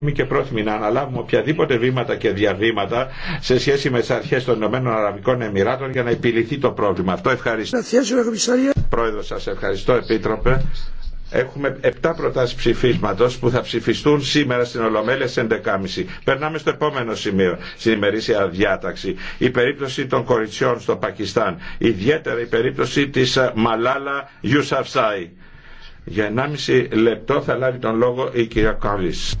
Είμαι και πρόθυμοι να αναλάβουμε οποιαδήποτε βήματα και διαβήματα σε σχέση με τι αρχέ των Ηνωμένων Αραβικών Εμμυράτων για να επιληθεί το πρόβλημα. Αυτό ευχαριστώ. Πρόεδρο, σα ευχαριστώ, Επίτροπε. Έχουμε 7 προτάσει ψηφίσματο που θα ψηφιστούν σήμερα στην Ολομέλεια στι 11.30. Περνάμε στο επόμενο σημείο, στην ημερήσια διάταξη. Η περίπτωση των κοριτσιών στο Πακιστάν. Ιδιαίτερα η περίπτωση τη ε, Μαλάλα Ιουσαφσάη. Για 1,5 λεπτό θα λάβει τον λόγο η κυρία Κάβης.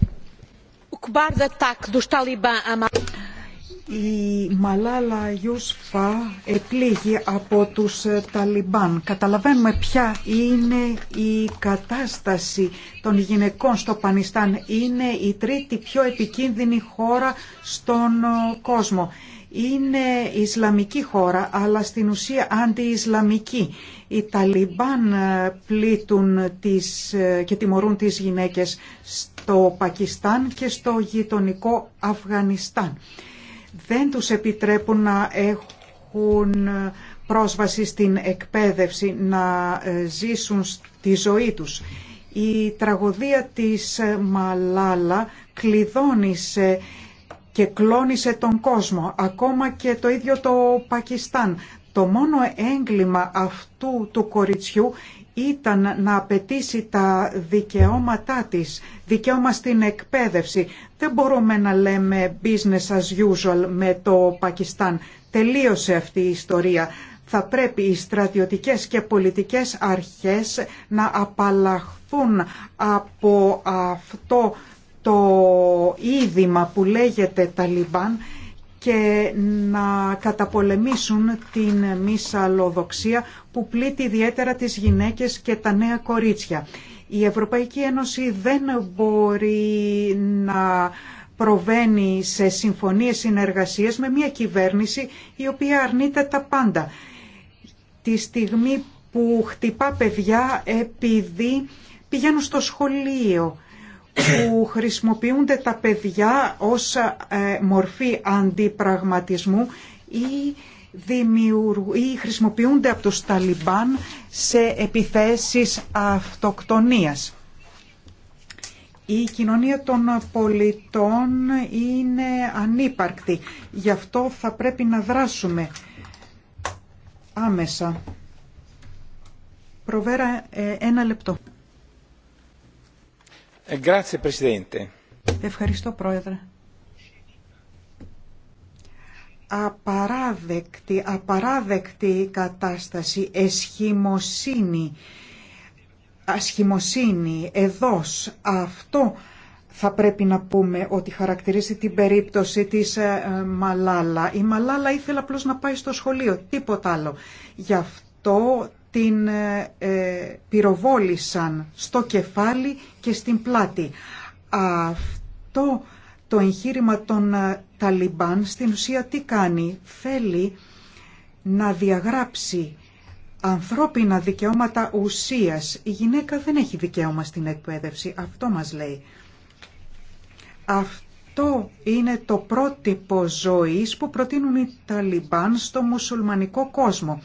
Η Μαλάλα Γιούσφα επλήγει από τους ε, Ταλιμπάν. Καταλαβαίνουμε ποια είναι η κατάσταση των γυναικών στο Πανιστάν. Είναι η τρίτη πιο επικίνδυνη χώρα στον ε, κόσμο. Είναι Ισλαμική χώρα, αλλά στην ουσία αντι-Ισλαμική. Οι Ταλιμπάν ε, πλήττουν τις, και τιμωρούν τις γυναίκες στο Πακιστάν και στο γειτονικό Αφγανιστάν. Δεν τους επιτρέπουν να έχουν πρόσβαση στην εκπαίδευση, να ε, ζήσουν τη ζωή τους. Η τραγωδία της ε, Μαλάλα κλειδώνησε και κλώνησε τον κόσμο, ακόμα και το ίδιο το Πακιστάν. Το μόνο έγκλημα αυτού του κοριτσιού ήταν να απαιτήσει τα δικαιώματά της, δικαίωμα στην εκπαίδευση. Δεν μπορούμε να λέμε business as usual με το Πακιστάν. Τελείωσε αυτή η ιστορία. Θα πρέπει οι στρατιωτικές και πολιτικές αρχές να απαλλαχθούν από αυτό το είδημα που λέγεται Ταλιμπάν και να καταπολεμήσουν την μισαλοδοξία που πλήττει ιδιαίτερα τις γυναίκες και τα νέα κορίτσια. Η Ευρωπαϊκή Ένωση δεν μπορεί να προβαίνει σε συμφωνίες συνεργασίες με μια κυβέρνηση η οποία αρνείται τα πάντα. Τη στιγμή που χτυπά παιδιά επειδή πηγαίνουν στο σχολείο, που χρησιμοποιούνται τα παιδιά ως ε, μορφή αντιπραγματισμού ή δημιουργούν ή χρησιμοποιούνται από τους Ταλιμπάν σε επιθέσεις αυτοκτονίας. Η κοινωνία των πολιτών είναι ανύπαρκτη. Γι' αυτό θα πρέπει να δράσουμε άμεσα. Προβέρα ε, ένα λεπτό. Ε, Ευχαριστώ, Πρόεδρε απαράδεκτη, απαράδεκτη κατάσταση, εσχημοσύνη, ασχημοσύνη, εδώς, αυτό θα πρέπει να πούμε ότι χαρακτηρίζει την περίπτωση της ε, ε, Μαλάλα. Η Μαλάλα ήθελε απλώς να πάει στο σχολείο, τίποτα άλλο. Γι' αυτό την ε, πυροβόλησαν στο κεφάλι και στην πλάτη. Αυτό το εγχείρημα των Ταλιμπάν στην ουσία τι κάνει. Θέλει να διαγράψει ανθρώπινα δικαιώματα ουσίας. Η γυναίκα δεν έχει δικαίωμα στην εκπαίδευση. Αυτό μας λέει. Αυτό είναι το πρότυπο ζωής που προτείνουν οι Ταλιμπάν στο μουσουλμανικό κόσμο.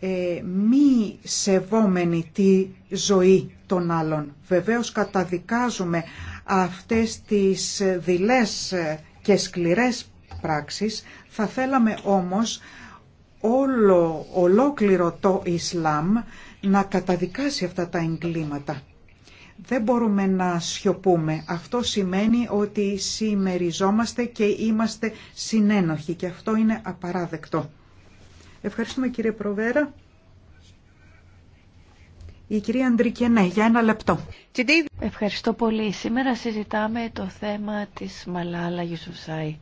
Ε, μη σεβόμενη τη ζωή των άλλων. Βεβαίως καταδικάζουμε αυτές τις δειλές ε, και σκληρές πράξεις, θα θέλαμε όμως όλο, ολόκληρο το Ισλάμ να καταδικάσει αυτά τα εγκλήματα. Δεν μπορούμε να σιωπούμε. Αυτό σημαίνει ότι συμμεριζόμαστε και είμαστε συνένοχοι και αυτό είναι απαράδεκτο. Ευχαριστούμε κύριε Προβέρα. Η κυρία ναι, για ένα λεπτό. Ευχαριστώ πολύ. Σήμερα συζητάμε το θέμα της Μαλάλα Γιουσουσάη.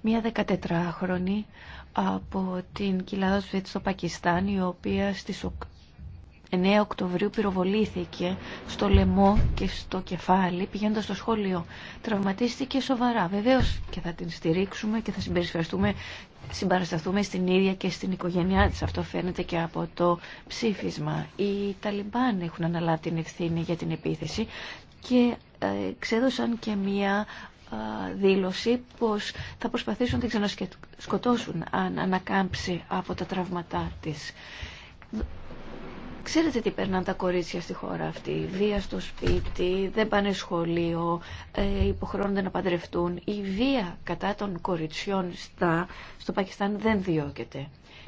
Μία 14χρονη από την κοιλάδα Σουέτ στο Πακιστάν, η οποία στις 9 Οκτωβρίου πυροβολήθηκε στο λαιμό και στο κεφάλι πηγαίνοντα στο σχολείο. Τραυματίστηκε σοβαρά. βεβαίω και θα την στηρίξουμε και θα συμπεριφερθούμε συμπαρασταθούμε στην ίδια και στην οικογένειά της. Αυτό φαίνεται και από το ψήφισμα. Οι Ταλιμπάν έχουν αναλάβει την ευθύνη για την επίθεση και ε, ξέδωσαν και μία δήλωση πως θα προσπαθήσουν να την ξανασκοτώσουν αν ανακάμψει από τα τραύματά της. Ξέρετε τι περνάνε τα κορίτσια στη χώρα αυτή. Βία στο σπίτι, δεν πάνε σχολείο, ε, υποχρεώνονται να παντρευτούν. Η βία κατά των κοριτσιών στα, στο Πακιστάν δεν διώκεται.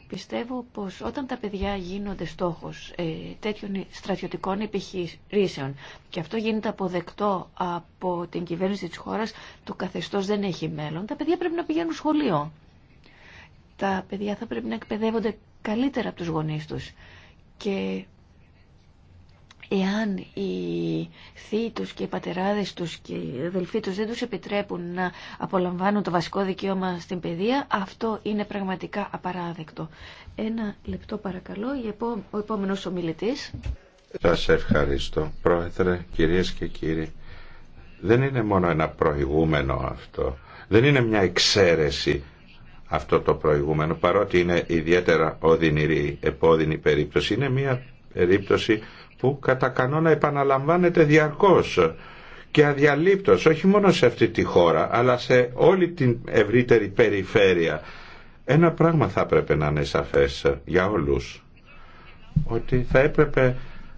Πιστεύω πως όταν τα παιδιά γίνονται στόχος ε, τέτοιων στρατιωτικών επιχειρήσεων και αυτό γίνεται αποδεκτό από την κυβέρνηση της χώρας, το καθεστώς δεν έχει μέλλον, τα παιδιά πρέπει να πηγαίνουν σχολείο. Τα παιδιά θα πρέπει να εκπαιδεύονται καλύτερα από τους γονείς τους και εάν οι θείοι τους και οι πατεράδες τους και οι αδελφοί τους δεν τους επιτρέπουν να απολαμβάνουν το βασικό δικαίωμα στην παιδεία, αυτό είναι πραγματικά απαράδεκτο. Ένα λεπτό παρακαλώ, ο επόμενος ομιλητής. Σας ευχαριστώ, Πρόεδρε, κυρίες και κύριοι. Δεν είναι μόνο ένα προηγούμενο αυτό. Δεν είναι μια εξαίρεση αυτό το προηγούμενο παρότι είναι ιδιαίτερα οδυνηρή, επώδυνη περίπτωση είναι μια περίπτωση που κατά κανόνα επαναλαμβάνεται διαρκώς και αδιαλείπτως όχι μόνο σε αυτή τη χώρα αλλά σε όλη την ευρύτερη περιφέρεια ένα πράγμα θα έπρεπε να είναι σαφές για όλους ότι θα έπρεπε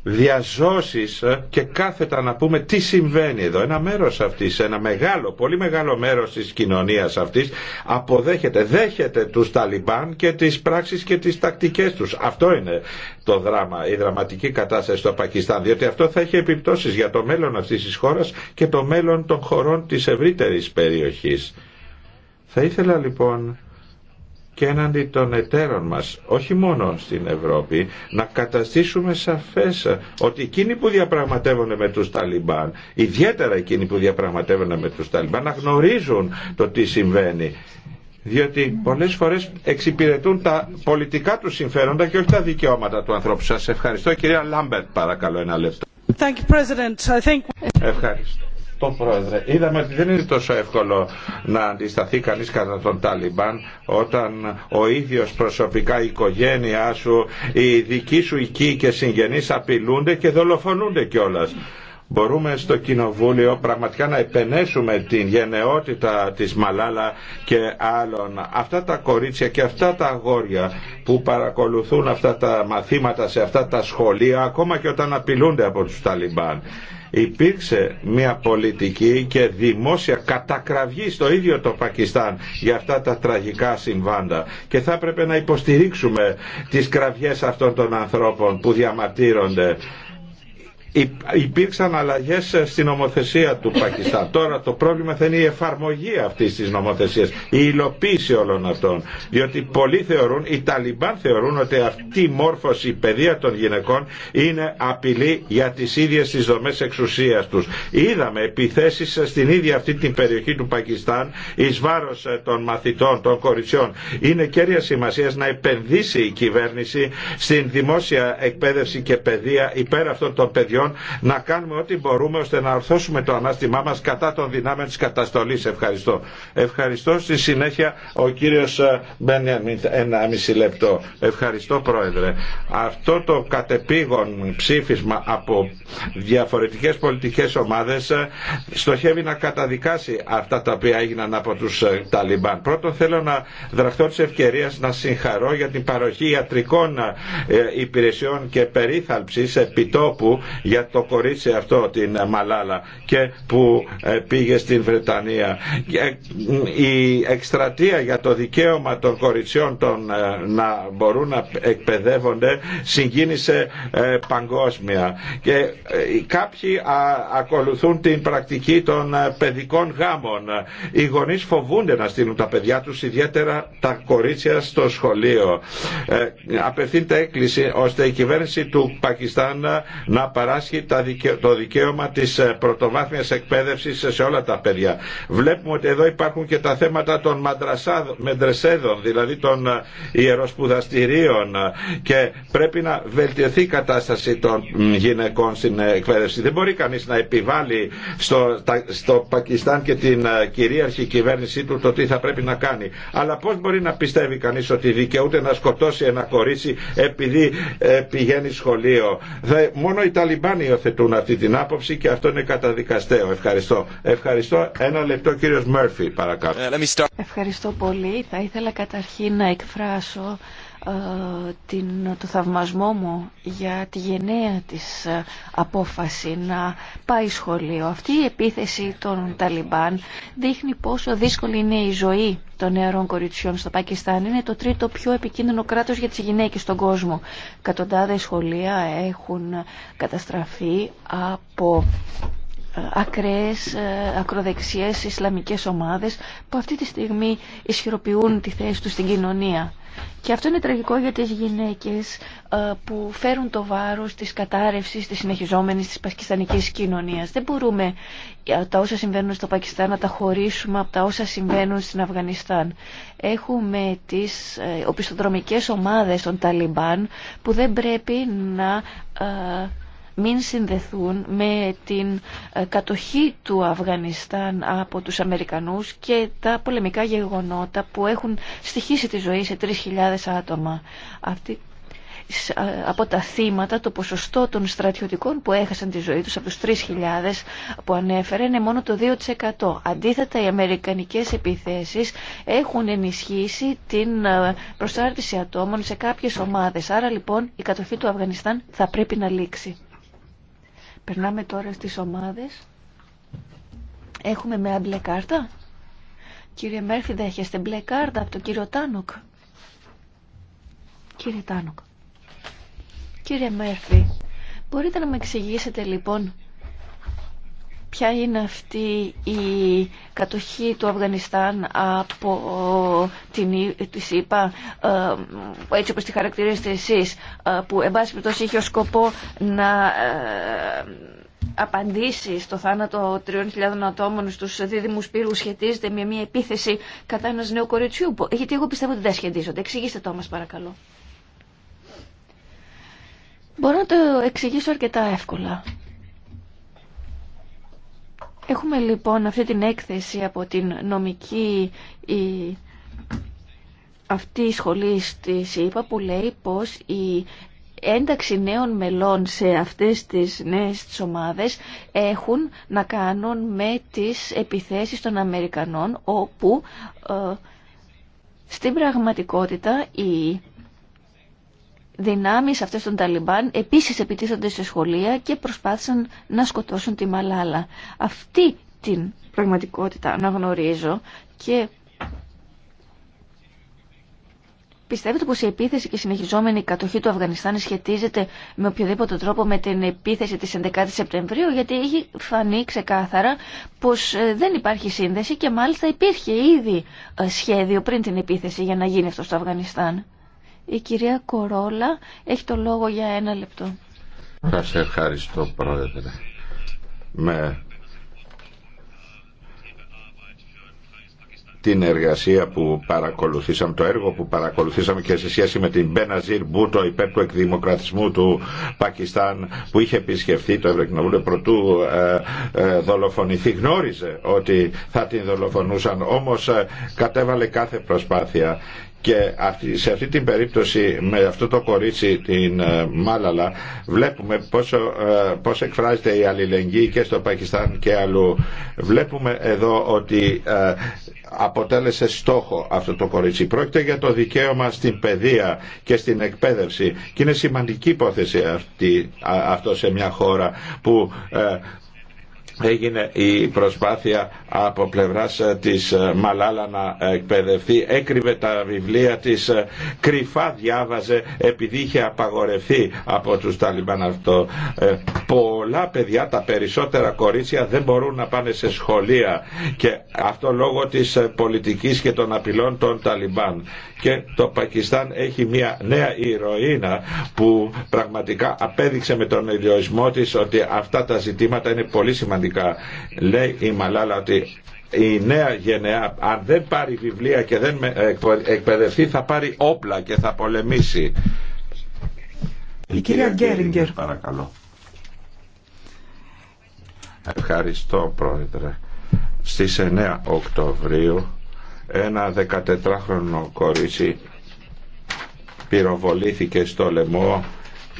διαζώσεις ε, και κάθετα να πούμε τι συμβαίνει εδώ. Ένα μέρος αυτής, ένα μεγάλο, πολύ μεγάλο μέρος της κοινωνίας αυτής αποδέχεται, δέχεται τους Ταλιμπάν και τις πράξεις και τις τακτικές τους. Αυτό είναι το δράμα, η δραματική κατάσταση στο Πακιστάν, διότι αυτό θα έχει επιπτώσεις για το μέλλον αυτής της χώρας και το μέλλον των χωρών της ευρύτερης περιοχής. Θα ήθελα λοιπόν και έναντι των εταίρων μας, όχι μόνο στην Ευρώπη, να καταστήσουμε σαφές ότι εκείνοι που διαπραγματεύονται με τους Ταλιμπάν, ιδιαίτερα εκείνοι που διαπραγματεύονται με τους Ταλιμπάν, να γνωρίζουν το τι συμβαίνει διότι πολλές φορές εξυπηρετούν τα πολιτικά του συμφέροντα και όχι τα δικαιώματα του ανθρώπου. Σας ευχαριστώ. Κυρία Λάμπερτ, παρακαλώ ένα λεπτό. Ευχαριστώ. Τον Πρόεδρε. Είδαμε ότι δεν είναι τόσο εύκολο να αντισταθεί κανείς κατά τον Ταλιμπάν όταν ο ίδιος προσωπικά η οικογένειά σου, οι δικοί σου οικοί και συγγενείς απειλούνται και δολοφονούνται κιόλα. μπορούμε στο Κοινοβούλιο πραγματικά να επενέσουμε την γενναιότητα της Μαλάλα και άλλων. Αυτά τα κορίτσια και αυτά τα αγόρια που παρακολουθούν αυτά τα μαθήματα σε αυτά τα σχολεία ακόμα και όταν απειλούνται από τους Ταλιμπάν υπήρξε μια πολιτική και δημόσια κατακραυγή στο ίδιο το Πακιστάν για αυτά τα τραγικά συμβάντα και θα έπρεπε να υποστηρίξουμε τις κραυγές αυτών των ανθρώπων που διαμαρτύρονται υπήρξαν αλλαγές στην νομοθεσία του Πακιστάν. Τώρα το πρόβλημα θα είναι η εφαρμογή αυτής της νομοθεσίας, η υλοποίηση όλων αυτών. Διότι πολλοί θεωρούν, οι Ταλιμπάν θεωρούν ότι αυτή η μόρφωση, η παιδεία των γυναικών είναι απειλή για τις ίδιες τις δομές εξουσίας τους. Είδαμε επιθέσεις στην ίδια αυτή την περιοχή του Πακιστάν εις βάρος ε, των μαθητών, των κοριτσιών. Είναι κέρια σημασία να επενδύσει η κυβέρνηση στην δημόσια εκπαίδευση και παιδεία υπέρ αυτών των παιδιών να κάνουμε ό,τι μπορούμε ώστε να ορθώσουμε το ανάστημά μας κατά των δυνάμεων της καταστολής. Ευχαριστώ. Ευχαριστώ. Στη συνέχεια ο κύριος ε, Μπένιαμιν, ένα μισή λεπτό. Ευχαριστώ Πρόεδρε. Αυτό το κατεπήγον ψήφισμα από διαφορετικές πολιτικές ομάδες ε, στοχεύει να καταδικάσει αυτά τα οποία έγιναν από τους ε, Ταλιμπάν. Πρώτον θέλω να δραχτώ της ευκαιρίας να συγχαρώ για την παροχή ιατρικών υπηρεσιών και περίθαλψης επιτόπου για το κορίτσι αυτό την Μαλάλα και που ε, πήγε στην Βρετανία. Η εκστρατεία για το δικαίωμα των κοριτσιών των, ε, να μπορούν να εκπαιδεύονται συγκίνησε ε, παγκόσμια και κάποιοι ακολουθούν την πρακτική των παιδικών γάμων. Οι γονείς φοβούνται να στείλουν τα παιδιά τους ιδιαίτερα τα κορίτσια στο σχολείο. Απευθύνται έκκληση ώστε η κυβέρνηση του Πακιστάν να παράσχει το δικαίωμα της ε, πρωτοβάθμιας εκπαίδευση σε όλα τα παιδιά. Βλέπουμε ότι εδώ υπάρχουν και τα θέματα των μεντρεσέδων, δηλαδή των ε, ιεροσπουδαστηρίων ε, και πρέπει να βελτιωθεί η κατάσταση των γυναικών στην εκπαίδευση. Δεν μπορεί κανείς να επιβάλλει στο, στο Πακιστάν και την κυρίαρχη κυβέρνησή του το τι θα πρέπει να κάνει. Αλλά πώς μπορεί να πιστεύει κανείς ότι δικαιούται να σκοτώσει ένα κορίτσι επειδή πηγαίνει σχολείο. Μόνο οι αν υιοθετούν αυτή την άποψη και αυτό είναι καταδικαστέο. Ευχαριστώ. Ευχαριστώ. Ένα λεπτό κύριος Μέρφυ παρακάτω. Ε, Ευχαριστώ πολύ. Θα ήθελα καταρχήν να εκφράσω ε, την, το θαυμασμό μου για τη γενναία της ε, απόφαση να πάει σχολείο. Αυτή η επίθεση των Ταλιμπάν δείχνει πόσο δύσκολη είναι η ζωή των νεαρών κοριτσιών στο Πακιστάν. Είναι το τρίτο πιο επικίνδυνο κράτος για τις γυναίκες στον κόσμο. Κατοντάδες σχολεία έχουν καταστραφεί από ε, ακραίες, ακροδεξιές Ισλαμικές ομάδες που αυτή τη στιγμή ισχυροποιούν τη θέση τους στην κοινωνία. Και αυτό είναι τραγικό για τις γυναίκες ε, που φέρουν το βάρος της κατάρρευσης της συνεχιζόμενης της πακιστανικής κοινωνίας. Δεν μπορούμε ε, τα όσα συμβαίνουν στο Πακιστάν να τα χωρίσουμε από τα όσα συμβαίνουν στην Αφγανιστάν. Έχουμε τις ε, οπισθοδρομικές ομάδες των Ταλιμπάν που δεν πρέπει να μην συνδεθούν με την ε, κατοχή του Αφγανιστάν από τους Αμερικανούς και τα πολεμικά γεγονότα που έχουν στοιχήσει τη ζωή σε 3.000 άτομα. Αυτή ε, από τα θύματα το ποσοστό των στρατιωτικών που έχασαν τη ζωή τους από τους 3.000 που ανέφερε είναι μόνο το 2%. Αντίθετα οι αμερικανικές επιθέσεις έχουν ενισχύσει την ε, προσάρτηση ατόμων σε κάποιες ομάδες. Άρα λοιπόν η κατοχή του Αφγανιστάν θα πρέπει να λήξει. Περνάμε τώρα στις ομάδες. Έχουμε με μπλε κάρτα. Κύριε Μέρφυ, δέχεστε μπλε κάρτα από τον κύριο Τάνοκ. Κύριε Τάνοκ. Κύριε Μέρφυ, μπορείτε να με εξηγήσετε λοιπόν ποια είναι αυτή η κατοχή του Αφγανιστάν από την ΣΥΠΑ ε, έτσι όπως τη χαρακτηρίζετε εσείς ε, που εν είχε ως σκοπό να ε, απαντήσει στο θάνατο 3.000 ατόμων στους δίδυμους πύρους σχετίζεται με μια επίθεση κατά ένας νέο κοριτσιού γιατί εγώ πιστεύω ότι δεν σχετίζονται εξηγήστε το μας παρακαλώ Μπορώ να το εξηγήσω αρκετά εύκολα. Έχουμε λοιπόν αυτή την έκθεση από την νομική η, αυτή η σχολή στη ΣΥΠΑ που λέει πως η ένταξη νέων μελών σε αυτές τις νέες τις ομάδες έχουν να κάνουν με τις επιθέσεις των Αμερικανών όπου ε, στην πραγματικότητα οι δυνάμεις αυτές των Ταλιμπάν επίσης επιτίθενται σε σχολεία και προσπάθησαν να σκοτώσουν τη Μαλάλα. Αυτή την πραγματικότητα αναγνωρίζω και Πιστεύετε πως η επίθεση και η συνεχιζόμενη κατοχή του Αφγανιστάν σχετίζεται με οποιοδήποτε τρόπο με την επίθεση της 11 η Σεπτεμβρίου γιατί έχει φανεί ξεκάθαρα πως ε, δεν υπάρχει σύνδεση και μάλιστα υπήρχε ήδη ε, σχέδιο πριν την επίθεση για να γίνει αυτό στο Αφγανιστάν. Η κυρία Κορόλα έχει το λόγο για ένα λεπτό. Σας ευχαριστώ πρόεδρε. Με την εργασία που παρακολουθήσαμε, το έργο που παρακολουθήσαμε και σε σχέση με την Μπέναζιρ Μπούτο υπέρ του εκδημοκρατισμού του Πακιστάν που είχε επισκεφθεί το Ευρωκοινοβούλιο πρωτού ε, ε, δολοφονηθεί. Γνώριζε ότι θα την δολοφονούσαν, όμως ε, κατέβαλε κάθε προσπάθεια και σε αυτή την περίπτωση με αυτό το κορίτσι την ε, Μάλαλα βλέπουμε πόσο, ε, πώς εκφράζεται η αλληλεγγύη και στο Πακιστάν και αλλού. Βλέπουμε εδώ ότι ε, αποτέλεσε στόχο αυτό το κορίτσι. Πρόκειται για το δικαίωμα στην παιδεία και στην εκπαίδευση και είναι σημαντική υπόθεση αυτή, αυτό σε μια χώρα που έγινε η προσπάθεια από πλευράς ε, της ε, Μαλάλα να ε, εκπαιδευτεί. Έκρυβε τα βιβλία της, κρυφά διάβαζε επειδή είχε απαγορευτεί από τους Ταλιμπάν αυτό. Πολλά παιδιά, τα περισσότερα κορίτσια δεν μπορούν να πάνε σε σχολεία και αυτό λόγω της πολιτικής και των απειλών των Ταλιμπάν. Και το Πακιστάν έχει μια νέα ηρωίνα που πραγματικά απέδειξε με τον ιδιοισμό της ότι αυτά τα ζητήματα είναι πολύ σημαντικά Λέει η Μαλάλα ότι η νέα γενεά αν δεν πάρει βιβλία και δεν εκπαιδευτεί θα πάρει όπλα και θα πολεμήσει. η κυρία Γκέριγκερ. Παρακαλώ. Ευχαριστώ πρόεδρε. Στις 9 Οκτωβρίου ένα 14χρονο κορίτσι πυροβολήθηκε στο λαιμό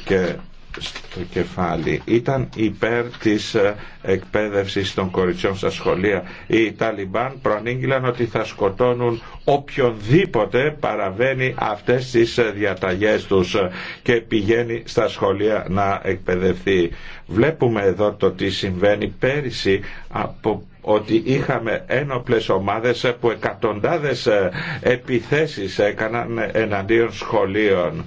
και στο κεφάλι. Ήταν υπέρ της ε, εκπαίδευσης των κοριτσιών στα σχολεία. Οι Ταλιμπάν προανήγγυλαν ότι θα σκοτώνουν οποιονδήποτε παραβαίνει αυτές τις ε, διαταγές τους ε, και πηγαίνει στα σχολεία να εκπαιδευτεί. Βλέπουμε εδώ το τι συμβαίνει πέρυσι από ότι είχαμε ένοπλες ομάδες που εκατοντάδες επιθέσεις έκαναν εναντίον σχολείων.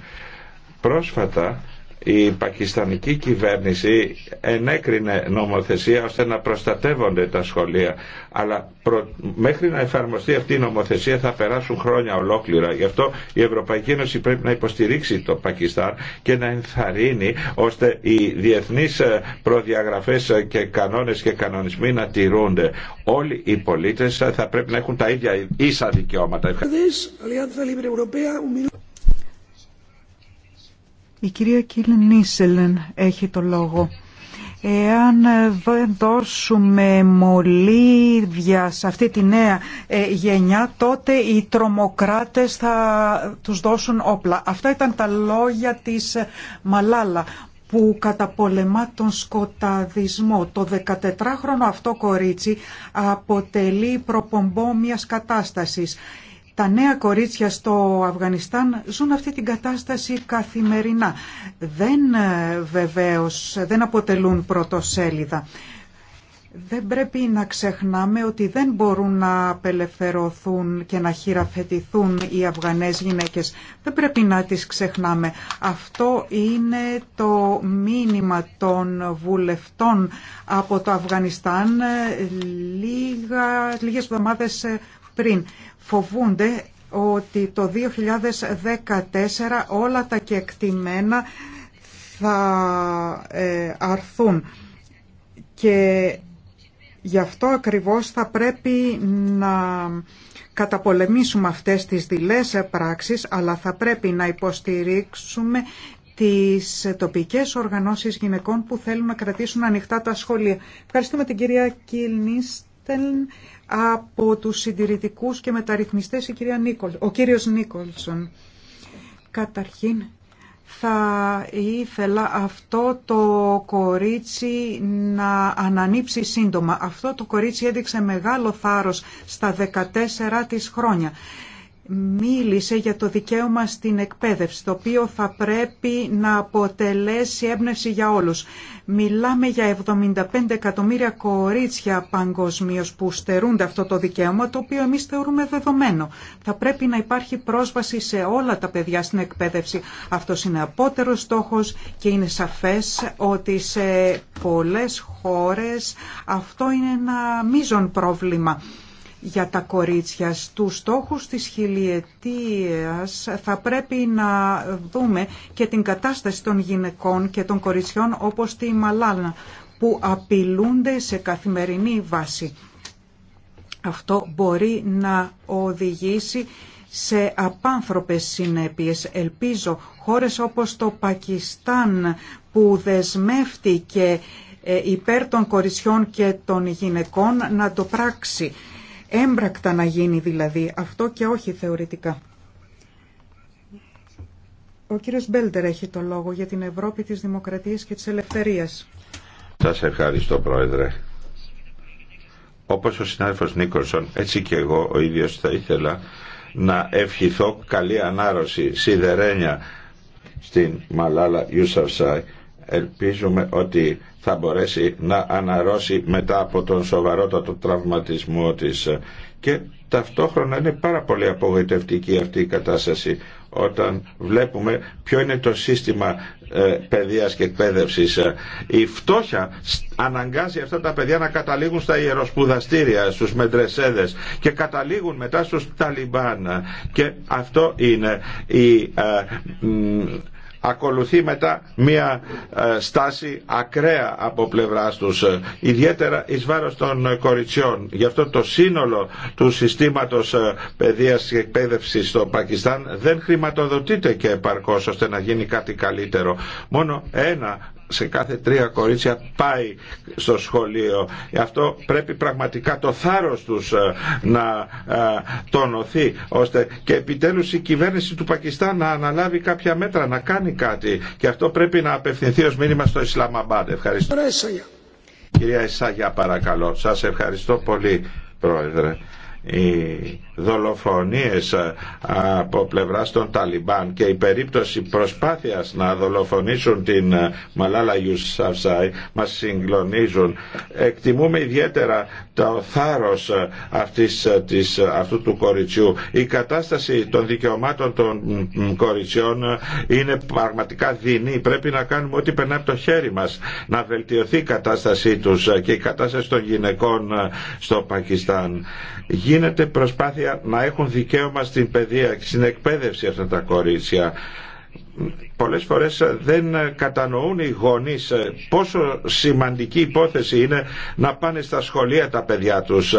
Πρόσφατα η πακιστανική κυβέρνηση ενέκρινε νομοθεσία ώστε να προστατεύονται τα σχολεία. Αλλά μέχρι να εφαρμοστεί αυτή η νομοθεσία θα περάσουν χρόνια ολόκληρα. Γι' αυτό η Ευρωπαϊκή Ένωση πρέπει να υποστηρίξει το Πακιστάν και να ενθαρρύνει ώστε οι διεθνείς ε, προδιαγραφές ε, και κανόνες και κανονισμοί να τηρούνται. Όλοι οι πολίτες ε, θα πρέπει να έχουν τα ίδια ίσα δικαιώματα. Η κυρία Κίλν Νίσελεν έχει το λόγο. Εάν δεν δώσουμε μολύβια σε αυτή τη νέα ε, γενιά, τότε οι τρομοκράτες θα τους δώσουν όπλα. Αυτά ήταν τα λόγια της ε, Μαλάλα που καταπολεμά τον σκοταδισμό. Το 14χρονο αυτό κορίτσι αποτελεί προπομπό μιας κατάστασης τα νέα κορίτσια στο Αφγανιστάν ζουν αυτή την κατάσταση καθημερινά. Δεν ε, βεβαίως, δεν αποτελούν πρωτοσέλιδα. Δεν πρέπει να ξεχνάμε ότι δεν μπορούν να απελευθερωθούν και να χειραφετηθούν οι Αφγανές γυναίκες. Δεν πρέπει να τις ξεχνάμε. Αυτό είναι το μήνυμα των βουλευτών από το Αφγανιστάν ε, λίγα, λίγες εβδομάδες ε, πριν φοβούνται ότι το 2014 όλα τα κεκτημένα θα ε, αρθούν και γι' αυτό ακριβώς θα πρέπει να καταπολεμήσουμε αυτές τις δειλές πράξεις αλλά θα πρέπει να υποστηρίξουμε τις τοπικές οργανώσεις γυναικών που θέλουν να κρατήσουν ανοιχτά τα σχολεία. Ευχαριστούμε την κυρία Κιλνίστελ από τους συντηρητικούς και μεταρρυθμιστές κυρία Νίκολ, ο κύριος Νίκολσον. Καταρχήν θα ήθελα αυτό το κορίτσι να ανανύψει σύντομα. Αυτό το κορίτσι έδειξε μεγάλο θάρρος στα 14 της χρόνια μίλησε για το δικαίωμα στην εκπαίδευση, το οποίο θα πρέπει να αποτελέσει έμπνευση για όλους. Μιλάμε για 75 εκατομμύρια κορίτσια παγκοσμίως που στερούνται αυτό το δικαίωμα, το οποίο εμείς θεωρούμε δεδομένο. Θα πρέπει να υπάρχει πρόσβαση σε όλα τα παιδιά στην εκπαίδευση. Αυτός είναι απότερος στόχος και είναι σαφές ότι σε πολλές χώρες αυτό είναι ένα μείζον πρόβλημα για τα κορίτσια. Στους στόχους της χιλιετίας θα πρέπει να δούμε και την κατάσταση των γυναικών και των κοριτσιών όπως τη μαλάνα που απειλούνται σε καθημερινή βάση. Αυτό μπορεί να οδηγήσει σε απάνθρωπες συνέπειες. Ελπίζω χώρες όπως το Πακιστάν που δεσμεύτηκε ε, υπέρ των κοριτσιών και των γυναικών να το πράξει έμπρακτα να γίνει δηλαδή αυτό και όχι θεωρητικά. Ο κύριος Μπέλτερ έχει το λόγο για την Ευρώπη της Δημοκρατίας και της Ελευθερίας. Σας ευχαριστώ Πρόεδρε. Όπως ο συνάδελφος Νίκολσον, έτσι και εγώ ο ίδιος θα ήθελα να ευχηθώ καλή ανάρρωση, σιδερένια στην Μαλάλα Ιούσαυσάη. Ελπίζουμε ότι θα μπορέσει να αναρρώσει μετά από τον σοβαρότατο τραυματισμό της. Και ταυτόχρονα είναι πάρα πολύ απογοητευτική αυτή η κατάσταση όταν βλέπουμε ποιο είναι το σύστημα ε, παιδείας και εκπαίδευσης. Η φτώχεια αναγκάζει αυτά τα παιδιά να καταλήγουν στα ιεροσπουδαστήρια, στους μετρεσέδες και καταλήγουν μετά στους Ταλιμπάν. Και αυτό είναι η ε, ακολουθεί μετά μια ε, στάση ακραία από πλευράς τους, ε, ιδιαίτερα εις βάρος των κοριτσιών. Γι' αυτό το σύνολο του συστήματος ε, παιδείας και εκπαίδευσης στο Πακιστάν δεν χρηματοδοτείται και επαρκώς ώστε να γίνει κάτι καλύτερο. Μόνο ένα σε κάθε τρία κορίτσια πάει στο σχολείο. αυτό πρέπει πραγματικά το θάρρος τους ε, να ε, τονωθεί ώστε και επιτέλους η κυβέρνηση του Πακιστάν να αναλάβει κάποια μέτρα, να κάνει κάτι. Και αυτό πρέπει να απευθυνθεί ως μήνυμα στο Ισλαμαμπάντ. Ευχαριστώ. Κυρία Ισάγια παρακαλώ. Σας ευχαριστώ πολύ Πρόεδρε δολοφονίες ε, από πλευράς των Ταλιμπάν και η περίπτωση προσπάθειας να δολοφονήσουν την ε, Μαλάλα Ιουσαφσάη μας συγκλονίζουν. Εκτιμούμε ιδιαίτερα το θάρρος ε, αυτής, της, αυτού του κοριτσιού. Η κατάσταση των δικαιωμάτων των κοριτσιών είναι πραγματικά δεινή. Πρέπει να κάνουμε ό,τι περνάει από το χέρι μας να βελτιωθεί η κατάστασή τους και η κατάσταση των γυναικών στο Πακιστάν. Γίνεται προσπάθεια να έχουν δικαίωμα στην παιδεία και στην εκπαίδευση αυτά τα κορίτσια πολλές φορές δεν κατανοούν οι γονείς πόσο σημαντική υπόθεση είναι να πάνε στα σχολεία τα παιδιά τους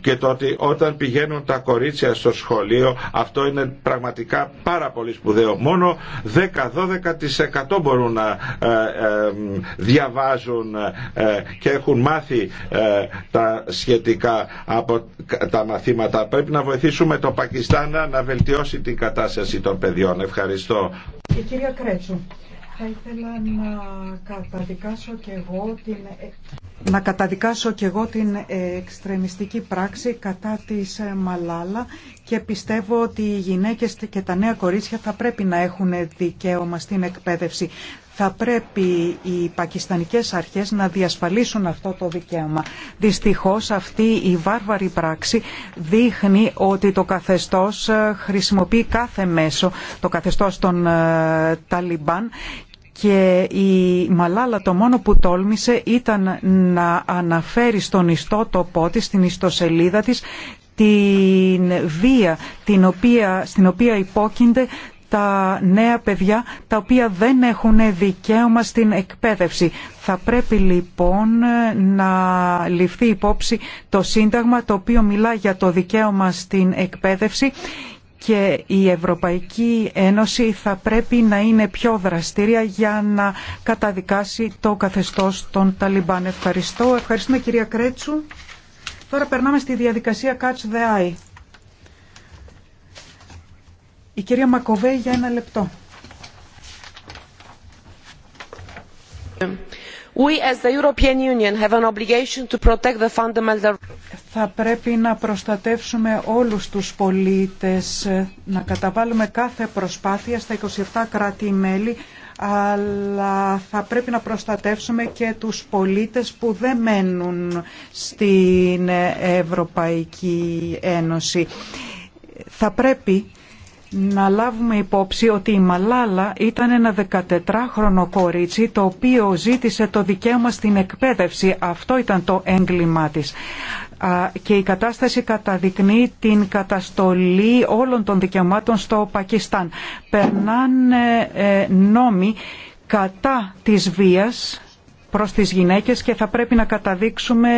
και το ότι όταν πηγαίνουν τα κορίτσια στο σχολείο αυτό είναι πραγματικά πάρα πολύ σπουδαίο. Μόνο 10-12% μπορούν να ε, ε, διαβάζουν ε, και έχουν μάθει τα σχετικά από τα μαθήματα. Πρέπει να βοηθήσουμε το Πακιστάν να βελτιώσει την κατάσταση των παιδιών. Ευχαριστώ. Θα ήθελα να καταδικάσω και εγώ την να καταδικάσω και εγώ την εξτρεμιστική πράξη κατά της Μαλάλα και πιστεύω ότι οι γυναίκες και τα νέα κορίτσια θα πρέπει να έχουν δικαίωμα στην εκπαίδευση. Θα πρέπει οι πακιστανικές αρχές να διασφαλίσουν αυτό το δικαίωμα. Δυστυχώς αυτή η βάρβαρη πράξη δείχνει ότι το καθεστώς ε, χρησιμοποιεί κάθε μέσο, το καθεστώς των ε, Ταλιμπάν και η Μαλάλα το μόνο που τόλμησε ήταν να αναφέρει στον ιστότοπό της, στην ιστοσελίδα της, την βία την οποία, στην οποία υπόκεινται τα νέα παιδιά τα οποία δεν έχουν δικαίωμα στην εκπαίδευση. Θα πρέπει λοιπόν να ληφθεί υπόψη το Σύνταγμα το οποίο μιλά για το δικαίωμα στην εκπαίδευση και η Ευρωπαϊκή Ένωση θα πρέπει να είναι πιο δραστήρια για να καταδικάσει το καθεστώς των Ταλιμπάν. Ευχαριστώ. Ευχαριστούμε κυρία Κρέτσου. Τώρα περνάμε στη διαδικασία Catch the Eye. Η κυρία Μακοβέη για ένα λεπτό. We as the European Union have an Θα πρέπει να προστατεύσουμε όλους τους πολίτες, να καταβάλουμε κάθε προσπάθεια στα 27 κράτη-μέλη, αλλά θα πρέπει να προστατεύσουμε και τους πολίτες που δεν μένουν στην Ευρωπαϊκή Ένωση. Θα πρέπει να λάβουμε υπόψη ότι η Μαλάλα ήταν ένα 14χρονο κορίτσι το οποίο ζήτησε το δικαίωμα στην εκπαίδευση. Αυτό ήταν το έγκλημά της. Και η κατάσταση καταδεικνύει την καταστολή όλων των δικαιωμάτων στο Πακιστάν. Περνάνε ε, νόμοι κατά της βίας προς τις γυναίκες και θα πρέπει να καταδείξουμε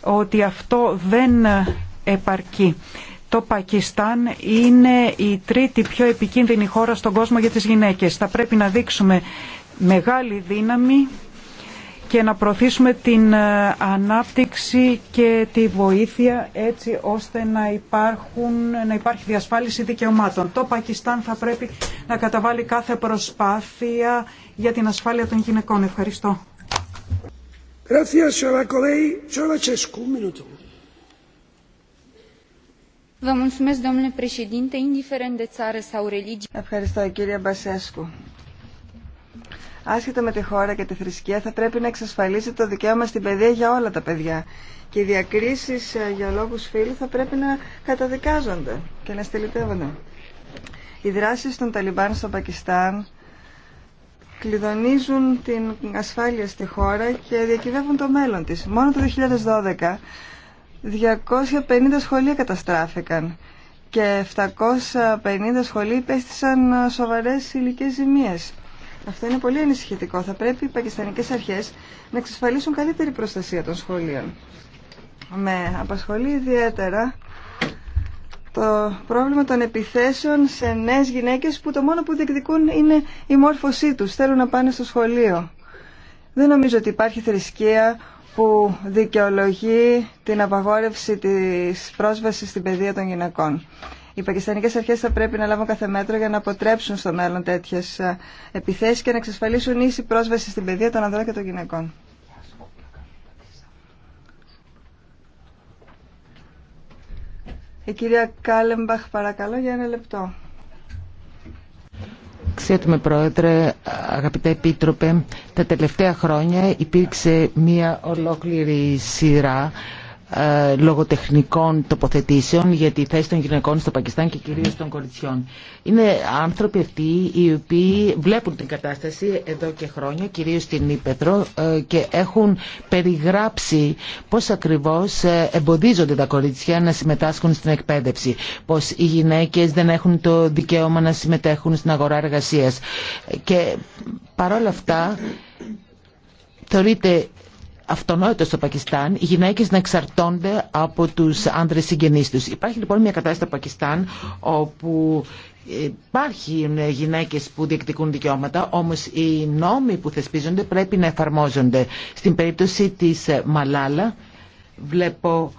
ότι αυτό δεν ε, επαρκεί. Το Πακιστάν είναι η τρίτη πιο επικίνδυνη χώρα στον κόσμο για τις γυναίκες. Θα πρέπει να δείξουμε μεγάλη δύναμη και να προωθήσουμε την ε, ανάπτυξη και τη βοήθεια έτσι ώστε να, υπάρχουν, να υπάρχει διασφάλιση δικαιωμάτων. Το Πακιστάν θα πρέπει να καταβάλει κάθε προσπάθεια για την ασφάλεια των γυναικών. Ευχαριστώ. Ευχαριστώ κύριε Μπασέσκου. Άσχετα με τη χώρα και τη θρησκεία θα πρέπει να εξασφαλίσει το δικαίωμα στην παιδεία για όλα τα παιδιά. Και οι διακρίσει ε, για λόγους φίλου θα πρέπει να καταδικάζονται και να στελιτεύονται. Οι δράσει των Ταλιμπάν στο Πακιστάν κλειδονίζουν την ασφάλεια στη χώρα και διακυβεύουν το μέλλον της. Μόνο το 2012 250 σχολεία καταστράφηκαν και 750 σχολεία υπέστησαν ε, σοβαρές υλικές ζημίες. Αυτό είναι πολύ ανησυχητικό. Θα πρέπει οι πακιστανικές αρχές να εξασφαλίσουν καλύτερη προστασία των σχολείων. Με απασχολεί ιδιαίτερα το πρόβλημα των επιθέσεων σε νέες γυναίκες που το μόνο που διεκδικούν είναι η μόρφωσή τους. Θέλουν να πάνε στο σχολείο. Δεν νομίζω ότι υπάρχει θρησκεία που δικαιολογεί την απαγόρευση της πρόσβασης στην παιδεία των γυναικών. Οι πακιστανικές αρχές θα πρέπει να λάβουν κάθε μέτρο για να αποτρέψουν στο μέλλον τέτοιες ε, επιθέσεις και να εξασφαλίσουν ίση πρόσβαση στην παιδεία των ανδρών και των γυναικών. Η κυρία Κάλεμπαχ παρακαλώ για ένα λεπτό με Πρόεδρε, αγαπητέ Επίτροπε, τα τελευταία χρόνια υπήρξε μία ολόκληρη σειρά ε, λογοτεχνικών τοποθετήσεων για τη θέση των γυναικών στο Πακιστάν και κυρίως των κοριτσιών. Είναι άνθρωποι αυτοί οι οποίοι βλέπουν την κατάσταση εδώ και χρόνια, κυρίως στην Ήπεθρο ε, και έχουν περιγράψει πώς ακριβώς ε, εμποδίζονται τα κορίτσια να συμμετάσχουν στην εκπαίδευση, πώς οι γυναίκες δεν έχουν το δικαίωμα να συμμετέχουν στην αγορά εργασίας. Και παρόλα αυτά θεωρείται αυτονόητο στο Πακιστάν οι γυναίκες να εξαρτώνται από τους άντρες συγγενείς τους. Υπάρχει λοιπόν μια κατάσταση στο Πακιστάν όπου Υπάρχουν ε, γυναίκες που διεκδικούν δικαιώματα, όμως οι νόμοι που θεσπίζονται πρέπει να εφαρμόζονται. Στην περίπτωση της ε, Μαλάλα βλέπω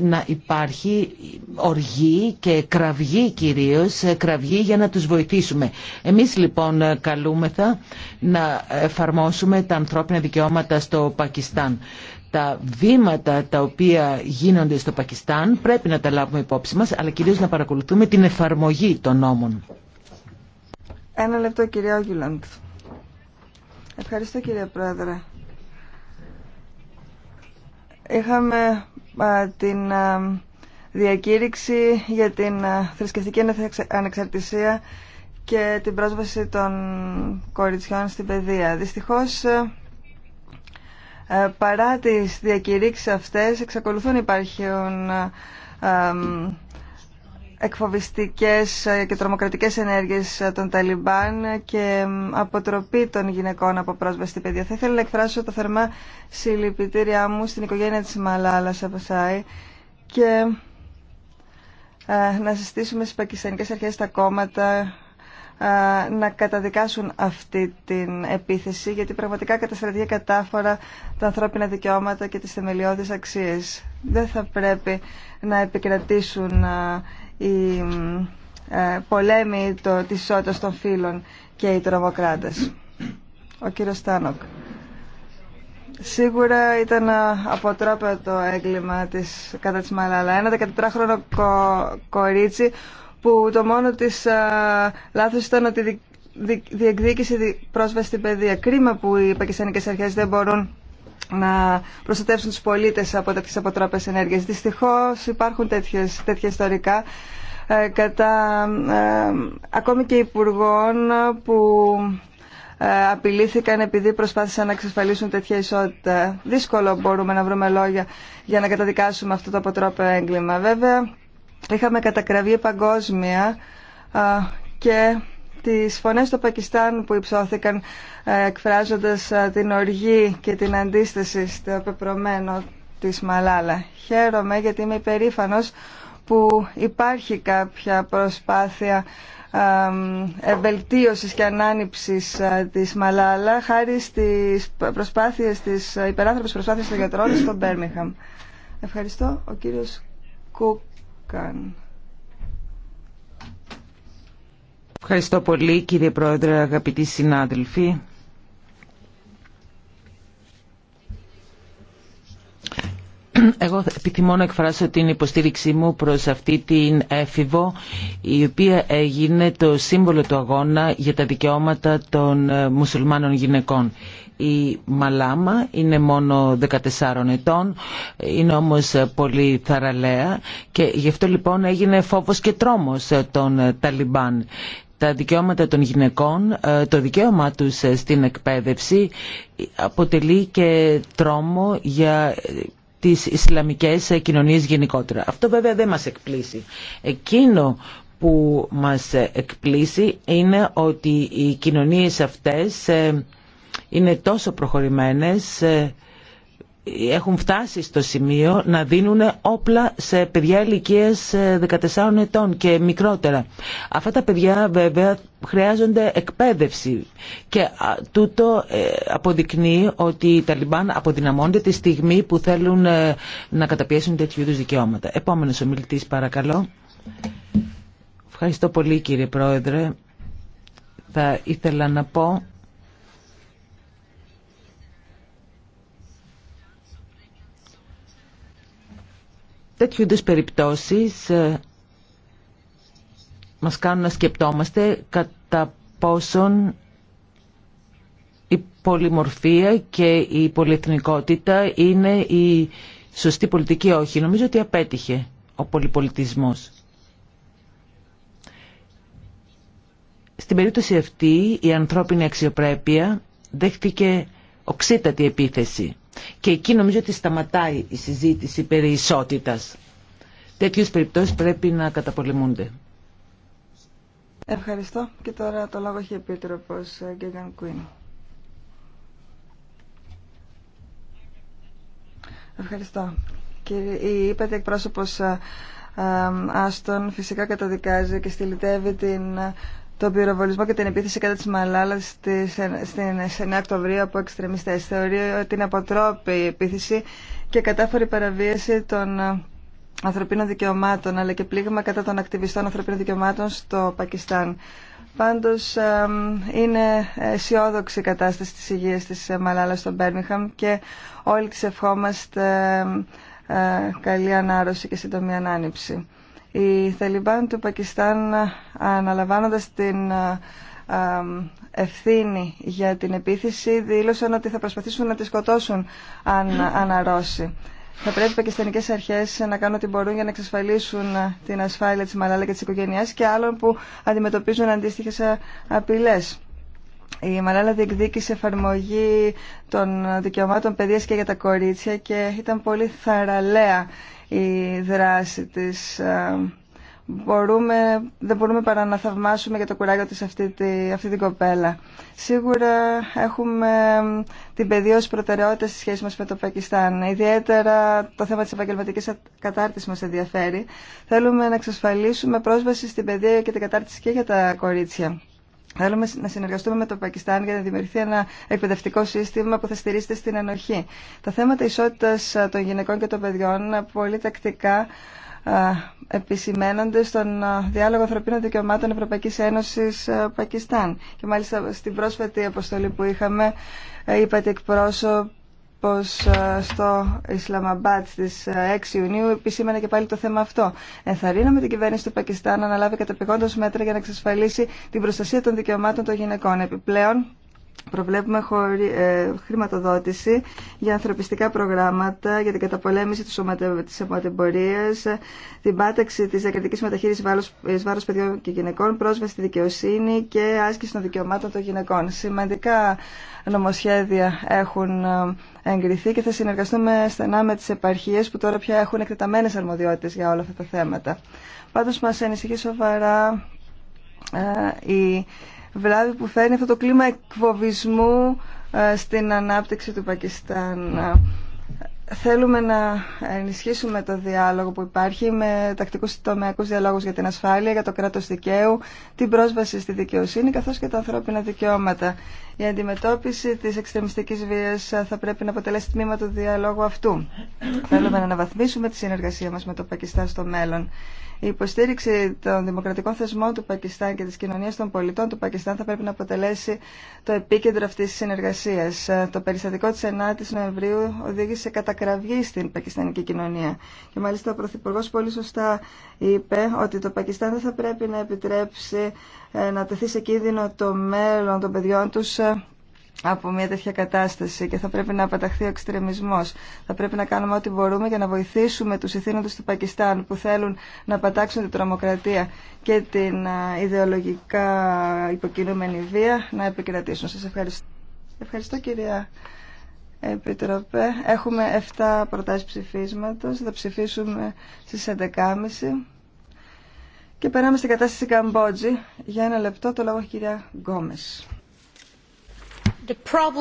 να υπάρχει οργή και κραυγή κυρίως, κραυγή για να τους βοηθήσουμε. Εμείς λοιπόν καλούμεθα να εφαρμόσουμε τα ανθρώπινα δικαιώματα στο Πακιστάν. Τα βήματα τα οποία γίνονται στο Πακιστάν πρέπει να τα λάβουμε υπόψη μας, αλλά κυρίως να παρακολουθούμε την εφαρμογή των νόμων. Ένα λεπτό κυρία Όγγιλαντ. Ευχαριστώ κύριε Πρόεδρε. Είχαμε την διακήρυξη για την θρησκευτική ανεξαρτησία και την πρόσβαση των κοριτσιών στην παιδεία. Δυστυχώς, παρά τις διακηρύξεις αυτές, εξακολουθούν υπάρχουν εκφοβιστικές ε, και τρομοκρατικές ενέργειες ε, των Ταλιμπάν και αποτροπή των γυναικών από πρόσβαση στην παιδεία. Θα ήθελα να εκφράσω τα θερμά συλληπιτήριά μου στην οικογένεια της Μαλάλα Σαπασάη και ε, να συστήσουμε στις πακιστανικές αρχές τα κόμματα να καταδικάσουν αυτή την επίθεση γιατί πραγματικά καταστρατεί κατάφορα τα ανθρώπινα δικαιώματα και τις θεμελιώδεις αξίες. Δεν θα πρέπει να επικρατήσουν οι ε, πολέμη το, της ισότητας των φύλων και οι τρομοκράτες. Ο κύριος Στάνοκ. Σίγουρα ήταν αποτρόπαιο το έγκλημα της, κατά της Μαλάλα. Ένα 14χρονο κορίτσι που το μόνο της α, ε, λάθος ήταν ότι διεκδίκησε πρόσβαση στην παιδεία. Κρίμα που οι πακιστανικές αρχές δεν μπορούν να προστατεύσουν τους πολίτες από τέτοιες αποτρόπες ενέργειας. Δυστυχώς υπάρχουν τέτοιες, τέτοια ιστορικά ε, κατά ε, ακόμη και υπουργών που ε, απειλήθηκαν επειδή προσπάθησαν να εξασφαλίσουν τέτοια ισότητα. Δύσκολο μπορούμε να βρούμε λόγια για να καταδικάσουμε αυτό το αποτρόπαιο έγκλημα. Βέβαια, είχαμε κατακραβεί παγκόσμια ε, και τις φωνές στο Πακιστάν που υψώθηκαν ε, εκφράζοντας ε, την οργή και την αντίσταση στο πεπρωμένο της Μαλάλα. Χαίρομαι γιατί είμαι υπερήφανος που υπάρχει κάποια προσπάθεια ευελτίωσης και ανάνυψης ε, της Μαλάλα χάρη στις προσπάθειες της υπεράνθρωπης προσπάθειας των γιατρών στο Μπέρμιχαμ. Ευχαριστώ. Ο κύριος Κούκαν. Ευχαριστώ πολύ κύριε Πρόεδρε, αγαπητοί συνάδελφοι. Εγώ επιθυμώ να εκφράσω την υποστήριξή μου προς αυτή την έφηβο η οποία έγινε το σύμβολο του αγώνα για τα δικαιώματα των μουσουλμάνων γυναικών. Η Μαλάμα είναι μόνο 14 ετών, είναι όμως πολύ θαραλέα και γι' αυτό λοιπόν έγινε φόβος και τρόμος των Ταλιμπάν τα δικαιώματα των γυναικών, ε, το δικαίωμά τους ε, στην εκπαίδευση αποτελεί και τρόμο για τις Ισλαμικές ε, κοινωνίες γενικότερα. Αυτό βέβαια δεν μας εκπλήσει. Εκείνο που μας εκπλήσει είναι ότι οι κοινωνίες αυτές είναι τόσο προχωρημένες έχουν φτάσει στο σημείο να δίνουν όπλα σε παιδιά ηλικία 14 ε, ετών και μικρότερα. Αυτά τα παιδιά βέβαια χρειάζονται εκπαίδευση και τούτο ε, αποδεικνύει ότι οι Ταλιμπάν αποδυναμώνται τη στιγμή που θέλουν ε, να καταπιέσουν τέτοιου είδους δικαιώματα. Επόμενος ομιλητής παρακαλώ. Ευχαριστώ πολύ κύριε Πρόεδρε. Θα ήθελα να πω Τέτοιου είδου περιπτώσεις ε, μας κάνουν να σκεπτόμαστε κατά πόσον η πολυμορφία και η πολυεθνικότητα είναι η σωστή πολιτική όχι. Νομίζω ότι απέτυχε ο πολυπολιτισμός. Στην περίπτωση αυτή η ανθρώπινη αξιοπρέπεια δέχτηκε οξύτατη επίθεση. Και εκεί νομίζω ότι σταματάει η συζήτηση περί ισότητας. Τέτοιες περιπτώσεις πρέπει να καταπολεμούνται. Ευχαριστώ. Και τώρα το λόγο έχει επίτροπος Γκέγαν Κουίν. Ευχαριστώ. Κύριε, η είπατε εκπρόσωπος ε, ε, Άστον φυσικά καταδικάζει και στυλιτεύει την τον πυροβολισμό και την επίθεση κατά της Μαλάλα στις 9 Οκτωβρίου από εξτρεμιστές. Θεωρεί ότι είναι αποτρόπη η επίθεση και κατάφορη παραβίαση των ε, ανθρωπίνων δικαιωμάτων αλλά και πλήγμα κατά των ακτιβιστών ανθρωπίνων δικαιωμάτων στο Πακιστάν. Πάντως ε, είναι αισιόδοξη η κατάσταση της υγείας της ε, Μαλάλα στο Μπέρμιχαμ και όλοι της ευχόμαστε καλή ανάρρωση και σύντομη ανάνυψη. Οι Θελιμπάν του Πακιστάν αναλαμβάνοντας την ευθύνη για την επίθεση δήλωσαν ότι θα προσπαθήσουν να τη σκοτώσουν αν αναρρώσει. Θα πρέπει οι πακιστανικές αρχές να κάνουν ό,τι μπορούν για να εξασφαλίσουν την ασφάλεια της Μαλάλα και της οικογένειάς και άλλων που αντιμετωπίζουν αντίστοιχες απειλές. Η Μαλάλα διεκδίκησε εφαρμογή των δικαιωμάτων παιδείας και για τα κορίτσια και ήταν πολύ θαραλέα η δράση της. Ε, μπορούμε, δεν μπορούμε παρά να θαυμάσουμε για το κουράγιο της αυτή, τη, αυτή την κοπέλα. Σίγουρα έχουμε την παιδεία ως προτεραιότητα στη σχέση μας με το Πακιστάν. Ιδιαίτερα το θέμα της επαγγελματική κατάρτισης μας ενδιαφέρει. Θέλουμε να εξασφαλίσουμε πρόσβαση στην παιδεία και την κατάρτιση και για τα κορίτσια. Θέλουμε να συνεργαστούμε με το Πακιστάν για να δημιουργηθεί ένα εκπαιδευτικό σύστημα που θα στηρίζεται στην ενοχή. Τα θέματα ισότητας ε, των γυναικών και των παιδιών ε, πολύ τακτικά ε, επισημένονται στον Διάλογο Ανθρωπίνων Δικαιωμάτων Ευρωπαϊκή Ένωση Πακιστάν. Και μάλιστα στην πρόσφατη αποστολή που είχαμε είπατε εκπρόσωπο πως ε, στο Ισλαμαμπάτ στις 6 ε, Ιουνίου επισήμανε και πάλι το θέμα αυτό. Ενθαρρύναμε την κυβέρνηση του Πακιστάν να αναλάβει κατεπηγόντως μέτρα για να εξασφαλίσει την προστασία των δικαιωμάτων των γυναικών. Επιπλέον, Προβλέπουμε ε, χρηματοδότηση για ανθρωπιστικά προγράμματα, για την καταπολέμηση της σωματεμπορίας, την πάταξη της διακριτικής μεταχείρισης βάρος, βάρος παιδιών και γυναικών, πρόσβαση στη δικαιοσύνη και άσκηση των δικαιωμάτων των γυναικών. Σημαντικά νομοσχέδια έχουν ε, εγκριθεί και θα συνεργαστούμε στενά με τις επαρχίες που τώρα πια έχουν εκτεταμένες αρμοδιότητες για όλα αυτά τα θέματα. Πάντως μας ανησυχεί σοβαρά ε, η βλάβη που φέρνει αυτό το κλίμα εκβοβισμού ε, στην ανάπτυξη του Πακιστάν. Θέλουμε να ενισχύσουμε το διάλογο που υπάρχει με τακτικούς τομέακους διαλόγους για την ασφάλεια, για το κράτος δικαίου, την πρόσβαση στη δικαιοσύνη καθώς και τα ανθρώπινα δικαιώματα. Η αντιμετώπιση τη εξτρεμιστική βία ε, θα πρέπει να αποτελέσει τμήμα του διαλόγου αυτού. Θέλουμε να αναβαθμίσουμε τη συνεργασία μα με το Πακιστάν στο μέλλον. Η υποστήριξη των δημοκρατικών θεσμών του Πακιστάν και της κοινωνίας των πολιτών του Πακιστάν θα πρέπει να αποτελέσει το επίκεντρο αυτής της συνεργασίας. Το περιστατικό της 9ης Νοεμβρίου οδήγησε κατακραυγή στην πακιστανική κοινωνία. Και μάλιστα ο Πρωθυπουργός πολύ σωστά είπε ότι το Πακιστάν δεν θα πρέπει να επιτρέψει ε, να τεθεί σε κίνδυνο το μέλλον των παιδιών τους ε, από μια τέτοια κατάσταση και θα πρέπει να απαταχθεί ο εξτρεμισμός. Θα πρέπει να κάνουμε ό,τι μπορούμε για να βοηθήσουμε τους ηθήνοντες του Πακιστάν που θέλουν να πατάξουν την τρομοκρατία και την ιδεολογικά υποκινούμενη βία να επικρατήσουν. Σας ευχαριστώ. Ευχαριστώ κυρία Επιτροπέ. Έχουμε 7 προτάσεις ψηφίσματος. Θα ψηφίσουμε στις 11.30. Και περάμε στην κατάσταση Καμπότζη. Για ένα λεπτό το λόγο κυρία Γκόμες the problem